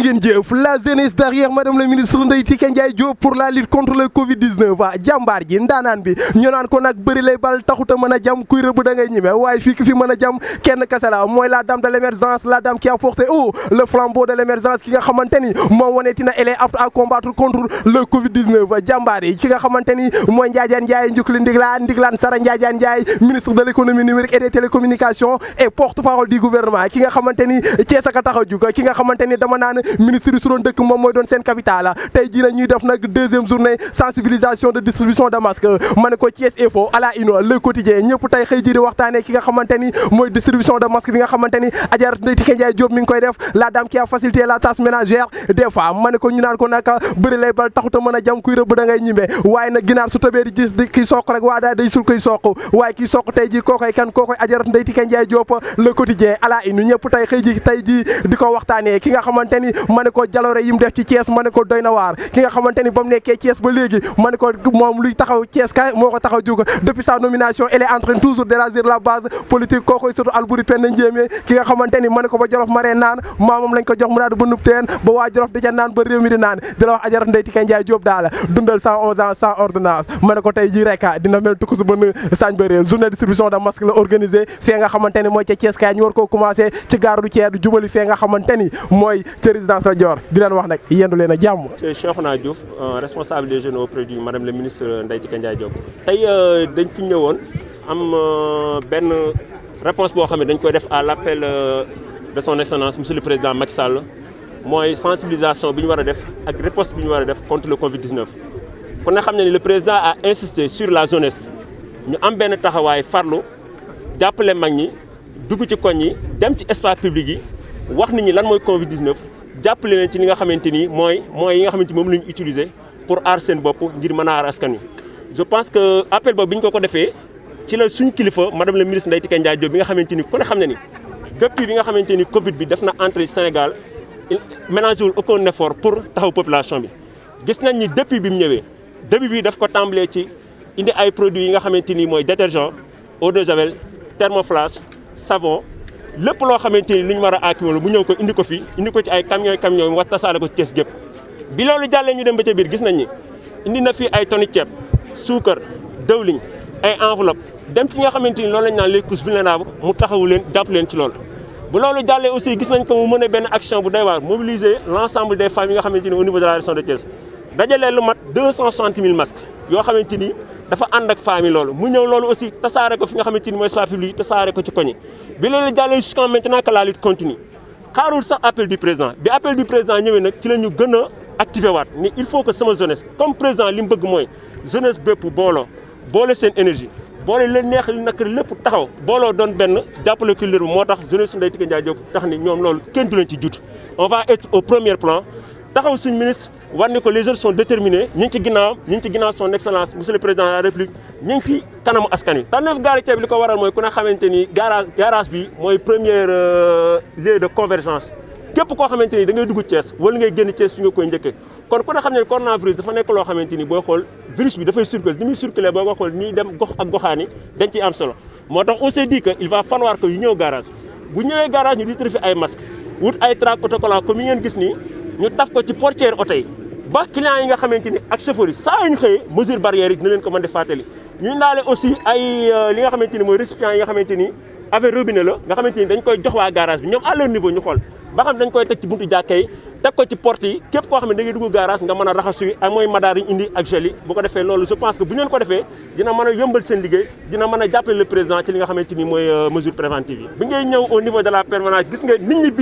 ngeen jëf la jeunesse derrière madame la ministre Ndeye Tické Ndiaye Diop pour la lutte contre le Covid 19 ah jàmbaar ji ndaanaan bi ñu ko nag bëri lay bal taxut mën a jam kuy rëbb da ngay ñime waaye fii ki fi mën a jam kenn kese mooy la dame de l' émergence la dame qui a porté le flambeau de l' émergence ki ki nga xamante mooy Ndiadiane Ndiaye Ndioukli Ndiglaan Ndiglaan Sara Ndiadiane ministre de l' numérique et des télécommunications et porte a tax ministre yi dëkk moom mooy doon seen capital tey jii nag ñuy def nag deuxième journée sensibilisation de distribution de masque ma ko Thiès Info à la Une le quotidien ñëpp tey ji ki nga ni mooy distribution de a facilité la tâche ko ñu naan ko nag a jam kuy rëbb da ngay ñimbe waaye nag ginaar su tëbee di gis di kii soq rek waa daa day sul koy soq waaye le quotidien à la Une ñëpp tey ji tey ji di ko waxtaanee ki nga xamante ni ma ne ko jaloore yi mu def ci Thiès ma ne ko doy na waar ki nga xamante ni ba mu nekkee ba léegi ma ko moom luy taxaw Thiès ka moo ko taxaw jóg depuis sa nomination elle est en train toujours d'élargir la base politique kookoy surtout Alboury Penda Ndiémé ki nga xamante ni ko ba Jolof maree naan maamam lañ ko jox mu ba nub ba waa Jolof di naan ba réew mi naan di la wax ajarat Ndeye Tické Ndiaye Diop daal dundal 111 ans sans ordonnance ma présidence la Dior di leen wax nag yendu leen a jàmm. monsieur Cheikhouna Diouf euh, responsable des jeunes auprès du madame le ministre euh, Ndeye Tické Ndiaye Diop tey euh, dañ fi ñëwoon am benn réponse boo xam ne dañ koy def à l' appel de son excellence monsieur le président Macky Sall mooy sensibilisation bi ñu war a def ak réponse bi ñu war a def contre le Covid 19. kon nag xam ne ni le président a insisté sur la jeunesse ñu am benn taxawaay farlu jàppale mag ñi dugg ci koñ yi dem ci espace public yi wax nit lan mooy Covid jàppale leen ci li nga xamante ni mooy mooy yi nga xamante ni moom la ñu utiliser pour aar seen bopp ngir mën a aar askan je pense que appel boobu bi ñu ko ko defee ci la suñ kilifa madame la ministre Ndeye Tické Ndiaye bi nga xamante ni ku ne xam na ni depuis bi nga xamante ni Covid bi def na entrée Sénégal ménagé wul aucun effort pour taxaw population bi. gis nañ ni depuis bi mu ñëwee début bi daf ko tàmbalee ci indi ay produits yi nga xamante ni mooy détergent eau de javel thermoflash savon. lépp loo xamante ni lu ñu war a aakimal bu ñëw ko indi ko fi indi ko ci ay camions camions wax tasaare ko ci Thiès gépp bi loolu jàllee ñu dem ba ca biir gis nañ ni indi na fi ay toni ceeb suukar dëwliñ ay enveloppe dem ci nga xamante ni loolu lañ naan les mu taxawu leen jàpp leen ci loolu. bu loolu jàllee aussi gis nañ ko mu mën a benn action bu doy waar mobiliser l' ensemble des yi nga xamante ni au niveau de mat deux yoo xamante ni dafa ànd ak famille loolu mu ñëw loolu aussi tasaare ko fi nga xamante ni mooy espace public tasaare ko ci koñi bi loolu jàllee jusqu'à maintenant que la lutte continue xaarul sax appel du président bi appel du président ñëwee nag ci la ñu gën a waat mais il faut que sama jeunesse comme président li mu bëgg mooy jeunesse bépp booloo boole seen énergie boole leen neex li nag lépp taxaw booloo doon benn jàppale culture bi moo tax jeunesse Ndeye Tické Ndiaye Diop tax ni ñoom loolu kenn jut on va au premier plan taxaw suñ ministre war ni ko les jeunes sont déterminés ñi ngi ci ginnaawam ñi ngi ci ginnaaw son excellence monsieur le président de la république kanamu askan wi tànneef gare routière li ko waral mooy ku ne xamante ni garage garage bi mooy première euh, lieu de convergence képp koo xamante ni da ngay dugg Thiès wala ngay génn Thiès fi nga koy njëkkee kon ku ne xam ne coronavirus dafa nekk loo xamante ni booy xool virus bi dafay circuler ni muy boo ko xool ni dem gox ak goxaani solo moo tax on s'est dit que il va falloir que yu ñëw ngeen gis nii ñu taf ko ci portière oto yi ba client yi nga xamante ni ak chauffeur yi saa ñu yi leen ko mën di fàttali ñu ndaale aussi euh, nga xamante ni mooy récipient yi nga xamante ni avec robinet la nga xamante ni dañ koy jox waa garage bi ñoom à leur niveau ñu xool ba xam dañ koy teg ci buntu jàkka teg ko ci porte képp koo xam ne da ngay dugg garage nga mën a raxasu yi ak mooy indi ak gel yi ko defee loolu je pense que bu ngeen ko defee dina mën a yëmbal seen liggéey dina mën a jàppale le président ci li nga xamante ni mooy euh, mesure préventive yi bi ñëw au niveau de la permanence gis nga nit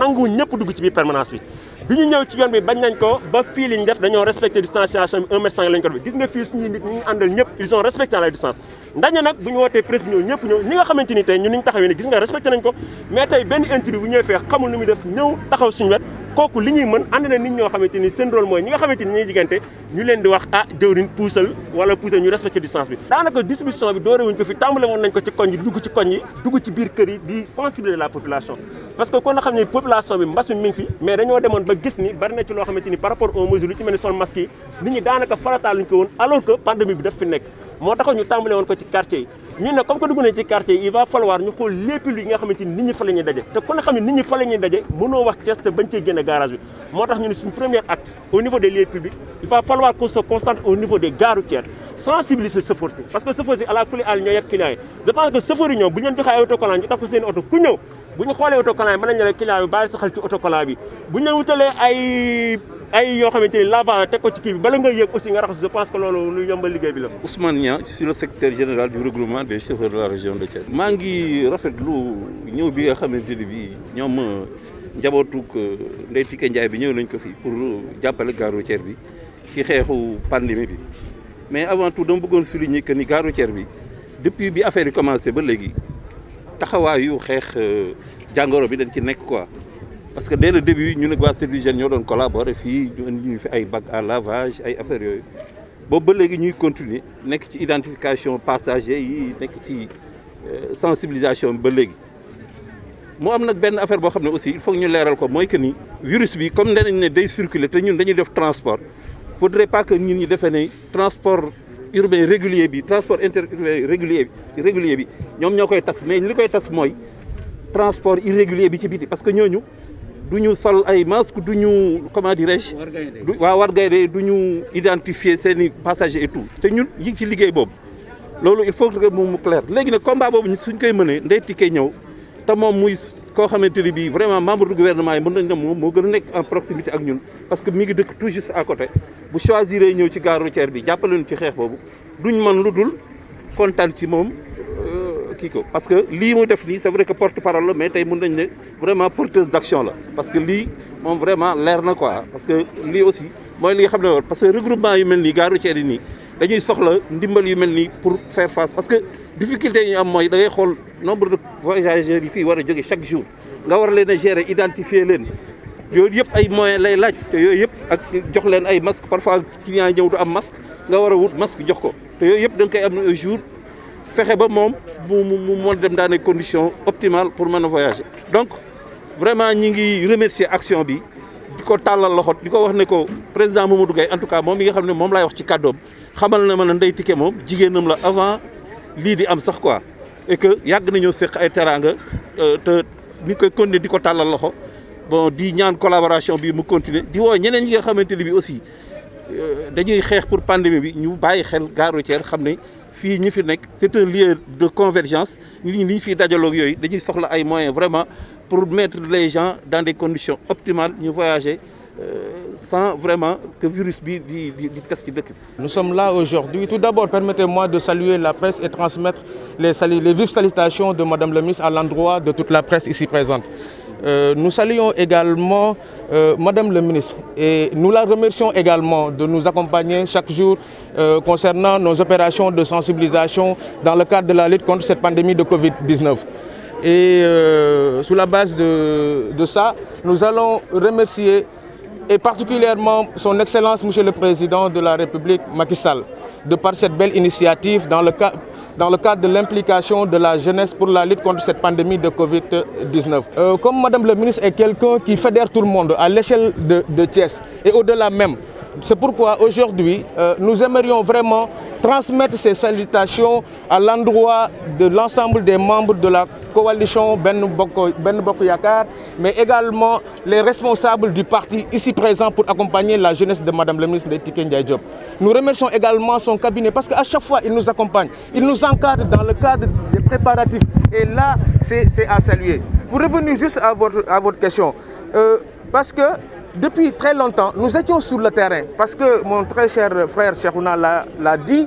ñëpp dugg ci biir permanence bi ñu ñëw ci yoon bi bañ nañ ko ba fii li ñu def dañoo respecté distanciation bi 1 mètre 5 lañ ko def gis nga fii suñuy nit ñi ñu àndal ñëpp ils ont respecté la distance ndaje nag bu ñu wootee presse bi ñëw ñëpp ñëw ñi nga xamante ni tey ñun ñu taxawee ni gis nga respecté nañ ko mais tey benn interview bu ñëwee fee xamul nu muy def ñëw taxaw suñu wet kooku li ñuy mën ànd na nit ñoo xamante ni seen rôle mooy ñi nga xamante ni ñuy diggante ñu leen di wax ah jëwriñ puusal wala puusal ñu respecté distance bi daanaka distribution bi doorewuñ ko fi tàmbale woon nañ ko ci koñ yi dugg ci koñ yi dugg ci biir kër yi di sensibiliser la population parce que kon na xam ne population bi mbas mi mi fi mais dañoo demoon ba gis ni bari na ci loo xamante ni par rapport aux mesures lu ci mel ni sol masque yi nit ñi ñu ne comme que dugg nañ ci quartier il va falloir ñu xool lépp lu nga xamante nit ñi fa la daje te ku ne xam nit ñi fa la daje mënoo wax Thiès te bañ cee génne garage bi moo tax ñu ne suñu premier acte au niveau des lieux publics il va falloir qu'on se au niveau des gares routières sensibiliser chauffeur si parce que chauffeur si à la kulli àll ñooy yeb client yi que chauffeur yi bu ñu leen joxee ay autocollant ñu taf ko oto ku ñëw bu ñu xoolee autocollant yi mën ay yoo xamante ni lavant teg ko ci kii bi bala nga yëg aussi nga raxas je pense que loolu lu yombal liggéey bi la. Ousmane Niang je suis le secrétaire général du regroupement des chauffeurs de la région de Thiès. maa ngi rafetlu ñëw bi nga xamante ni bii ñoom euh, njabootuk euh, Ndeye Tické njaay bi ñëw nañ ko fii pour jàppale gare routière bi ci xeexu pandémie bi mais avant tout dama lu souligner que ni gaaru routière bi depuis bi affaire yi commencé ba léegi taxawaayu xeex euh, jàngoro bi dañ ci nekk quoi. parce que dès le début ñu nag waa service jeune ñoo doon collaborer fii ñu indi ñu fi ay bag à lavage ay affaires yooyu boobu ba léegi ñuy continuer nekk ci identification passager yi nekk ci euh, sensibilisation ba léegi moo am nag benn affaire boo xam ne aussi il faut ñu leeral ko mooy que ni virus bi comme danañ ne day circuler te ñun dañuy def transport faudrait pas que ñun ñu defee ne transport urbain régulier bi transport interurbain régulier bi régulier bi ñoom ñoo koy tas mais li koy tas mooy transport irrégulier bi ci biti parce que ñooñu du ñu sol ay masque du ñu comment dirais-je du waaw war gaynde du ñu identifier seen i passagers et te ñun ñu ngi ci liggéey boobu loolu il faut que moom mu clair léegi nag combat boobu suñ koy mënee Ndeye Tické ñëw te moom muy koo xamante ni bii vraiment membre du gouvernement yi mën nañ ne moom moo gën a nekk en proximité ak ñun parce que mi ngi dëkk tout juste à côté bu choisir ñëw ci gare routière bi jàppale ñu ci xeex boobu duñ mën lu dul kontaan ci moom euh, kii ko parce que lii mu def nii c'est vrai que porte parole la mais tey mën nañ ne vraiment porteuse d'action la parce que lii moom vraiment leer na quoi parce que lii aussi mooy li xam ne woon parce que regroupement yu mel nii gare routière nii dañuy soxla ndimbal yu mel nii pour faire parce que difficulté yi am mooy da xool nombre de voyageurs yi fii war a jóge chaque jour nga war leen a gérer identifier leen yooyu yëpp ay moyens lay laaj te yooyu yëpp jox leen fexe ba moom mu mu mu mën dem dans des conditions optimales pour mën a voyager donc vraiment ñi ngi remercier action bi di ko tàllal loxo di ko wax ne ko président Mamadou Gaye tout cas moom mi nga xam ne moom laay wax ci kàddoom xamal na ma ne Ndeye Tické moom jigéenam la avant lii di am sax quoi et que yàgg nañoo seq ay teraanga euh, te ñu koy continuer di ko tàllal loxo bon di ñaan collaboration bi mu continuer di woo ñeneen ñi nga xamante ne bi aussi euh, dañuy xeex pour pandémie bi ñu bàyyi xel gare routière xam ne fii ñi fi nekk c'est un lieu de convergence nit ñi li ñu fiy dajaloog yooyu dañuy soxla ay moyens vraiment pour mettre les gens dans des conditions optimales ñu voyager euh, sans vraiment que virus bi di di di tas ci dëkk bi. nous sommes là aujourd'hui tout d'abord permettez-moi de saluer la presse et transmettre les salu les vives salutations de madame la ministre à l'endroit de toute la presse ici présente. Euh, nous saluons également euh, Madame le ministre et nous la remercions également de nous accompagner chaque jour euh, concernant nos opérations de sensibilisation dans le cadre de la lutte contre cette pandémie de Covid-19. Et sous la base de, de ça, nous allons remercier et particulièrement son Excellence Monsieur le Président de la République, Macky de par cette initiative dans le cadre dans le cadre de l'implication de la jeunesse pour la lutte contre cette pandémie de Covid-19. Euh, comme Madame le ministre est quelqu'un qui fédère tout le monde à l'échelle de, de Thiès et au-delà même, C'est pourquoi aujourd'hui, euh, nous aimerions vraiment transmettre ces salutations à l'endroit de l'ensemble des membres de la coalition Ben Boko, ben Boko Yakar, mais également les responsables du parti ici présents pour accompagner la jeunesse de Madame la ministre de Tiken Diop. Nous remercions également son cabinet parce qu'à chaque fois, il nous accompagne, il nous encadre dans le cadre des préparatifs. Et là, c'est à saluer. Pour revenir juste à votre, à votre question, euh, parce que depuis très longtemps, nous étions sur le terrain parce que mon très cher frère Cheikhouna l'a dit,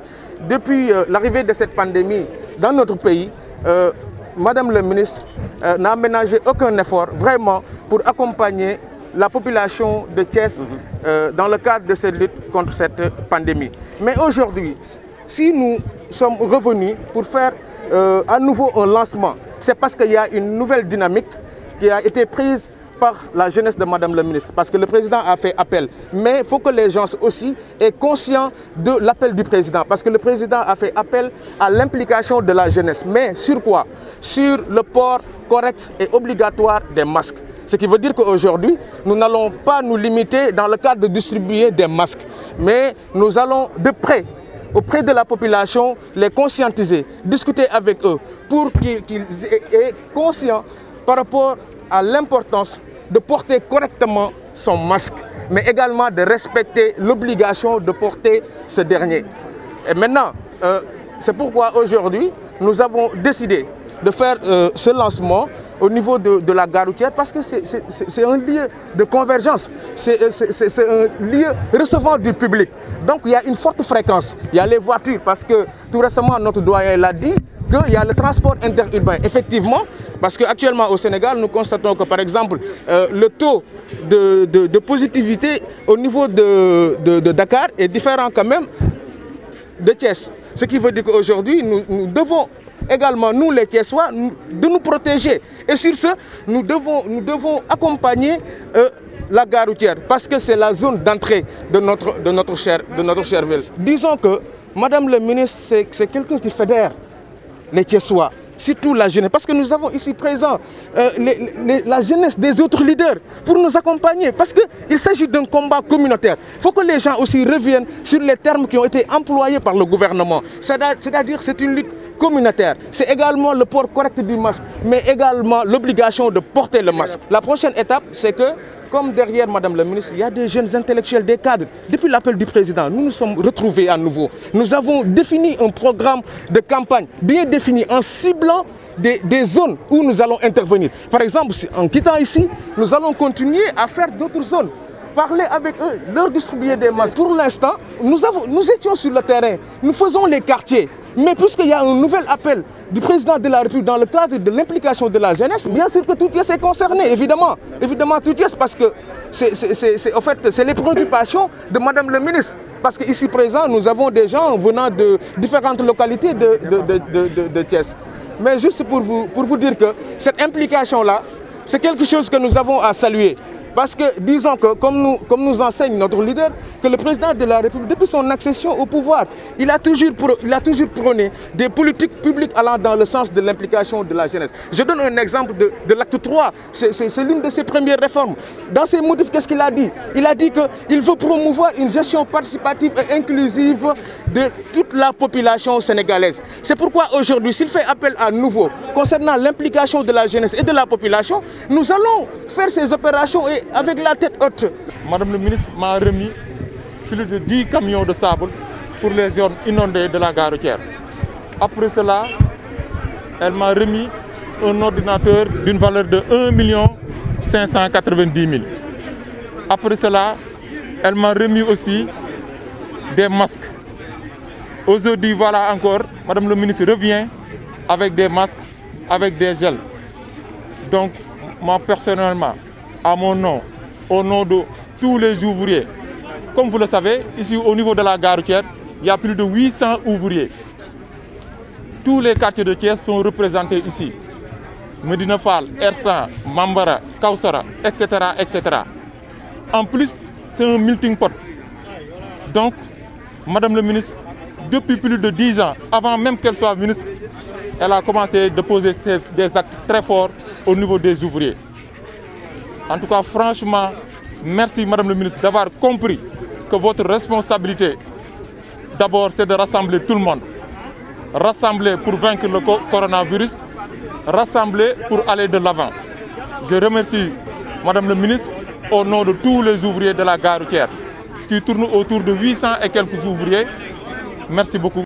depuis euh, l'arrivée de cette pandémie dans notre pays, euh, Madame le ministre euh, n'a ménagé aucun effort vraiment pour accompagner la population de Thiès mhm. euh, dans le cadre de cette lutte contre cette pandémie. Mais aujourd'hui, si nous sommes revenus pour faire euh, à nouveau un lancement, c'est parce qu'il y a une nouvelle dynamique qui a été prise par la jeunesse de Madame la ministre, parce que le président a fait appel. Mais il faut que les gens aussi aient conscients de l'appel du président, parce que le président a fait appel à l'implication de la jeunesse. Mais sur Sur le port correct et obligatoire des masques. Ce qui veut dire qu'aujourd'hui, nous n'allons pas nous limiter dans le cadre de distribuer des masques, mais nous allons de près de la population, les conscientiser, discuter avec eux pour qu'ils aient conscients par rapport à l'importance de porter correctement son masque, mais également de respecter l'obligation de porter ce dernier. Et maintenant, euh, c'est pourquoi aujourd'hui, nous avons décidé de faire euh, ce lancement au niveau de, de la gare routière parce que c'est un lieu de convergence, euh, c'est un lieu recevant du public. Donc il y a une forte fréquence, il y les voitures parce que tout récemment notre doyen l'a dit qu'il y a le transport interurbain. Effectivement, Parce qu'actuellement au Sénégal, nous constatons que par exemple, euh, le taux de, de, de, positivité au niveau de, de, Dakar est différent quand même de Thiès. Ce qui veut dire qu'aujourd'hui, nous, devons également, nous les Thiessois, nous, de nous protéger. Et sur ce, nous devons, nous accompagner euh, la garoutière routière, parce que c'est la zone d'entrée de notre, de, notre chère, de notre chère ville. Disons que Madame le ministre, c'est quelqu'un qui fédère les Thiessois. surtout la jeunesse, parce que nous avons ici présent euh, les, la jeunesse des autres leaders pour nous accompagner, parce qu'il s'agit d'un combat communautaire. Il faut que les gens aussi reviennent sur les termes qui ont été employés par le gouvernement, c'est-à-dire c'est une lutte communautaire. C'est également le port correct du masque, mais également l'obligation de porter le masque. La prochaine étape, c'est que comme derrière Madame la ministre, il y a des jeunes intellectuels, des cadres. Depuis l'appel du président, nous nous sommes retrouvés à nouveau. Nous avons défini un programme de campagne bien défini en ciblant des, des, zones où nous allons intervenir. Par exemple, en quittant ici, nous allons continuer à faire d'autres zones. parler avec eux, leur distribuer des masques. Pour l'instant, nous, étions sur le terrain, nous faisons les quartiers. Mais puisqu'il y a un nouvel appel du président de la République dans le cadre de l'implication de la jeunesse, bien sûr que tout Thiès est concerné, évidemment. tout Thiès, parce que c'est en fait, les préoccupations de Madame le ministre. Parce qu'ici présent, nous avons des gens de différentes localités de, de, Mais juste pour vous, pour vous dire que cette implication à saluer. Parce que disons que, comme nous, comme nous enseigne notre leader, que le président de la République, depuis son accession au pouvoir, il a toujours, pro, il a toujours prôné des politiques publiques allant dans le sens de l'acte 3, c'est l'une de ses premières réformes. Dans ses motifs, qu'il a dit Il veut promouvoir une gestion participative et inclusive de toute la population sénégalaise. C'est pourquoi aujourd'hui, s'il fait appel à nouveau concernant l'implication de la jeunesse et de la population, avec la tête haute. Madame le ministre m'a remis plus de 10 camions de sable pour les zones inondées de la gare routière. Après cela, elle m'a remis un ordinateur d'une valeur de 1 million 590 000. Après cela, elle m'a aussi des masques. Aujourd'hui, voilà encore, Madame le ministre revient avec des masques, avec des gels. Donc, moi personnellement, à mon nom, au non de tous les ouvriers. Comme vous le savez, ici au niveau de la gare routière, il y a plus de 800 ouvriers. Tous les quartiers de Thiès sont représentés ici. Medina Fall, Ersan, Mambara, Kausara, etc., etc. En plus, c'est un melting pot. Donc, Madame le ministre, depuis plus de 10 ans, avant même qu'elle soit ministre, elle a commencé de poser des actes très forts au niveau des ouvriers. En tout cas, franchement, merci Madame le ministre d'avoir compris que votre responsabilité, d'abord, c'est de rassembler tout le monde. Rassembler pour vaincre le coronavirus, rassembler pour aller de l'avant. Je remercie Madame le ministre au nom de tous les ouvriers de la gare routière qui tournent autour de 800 et quelques ouvriers. Merci beaucoup.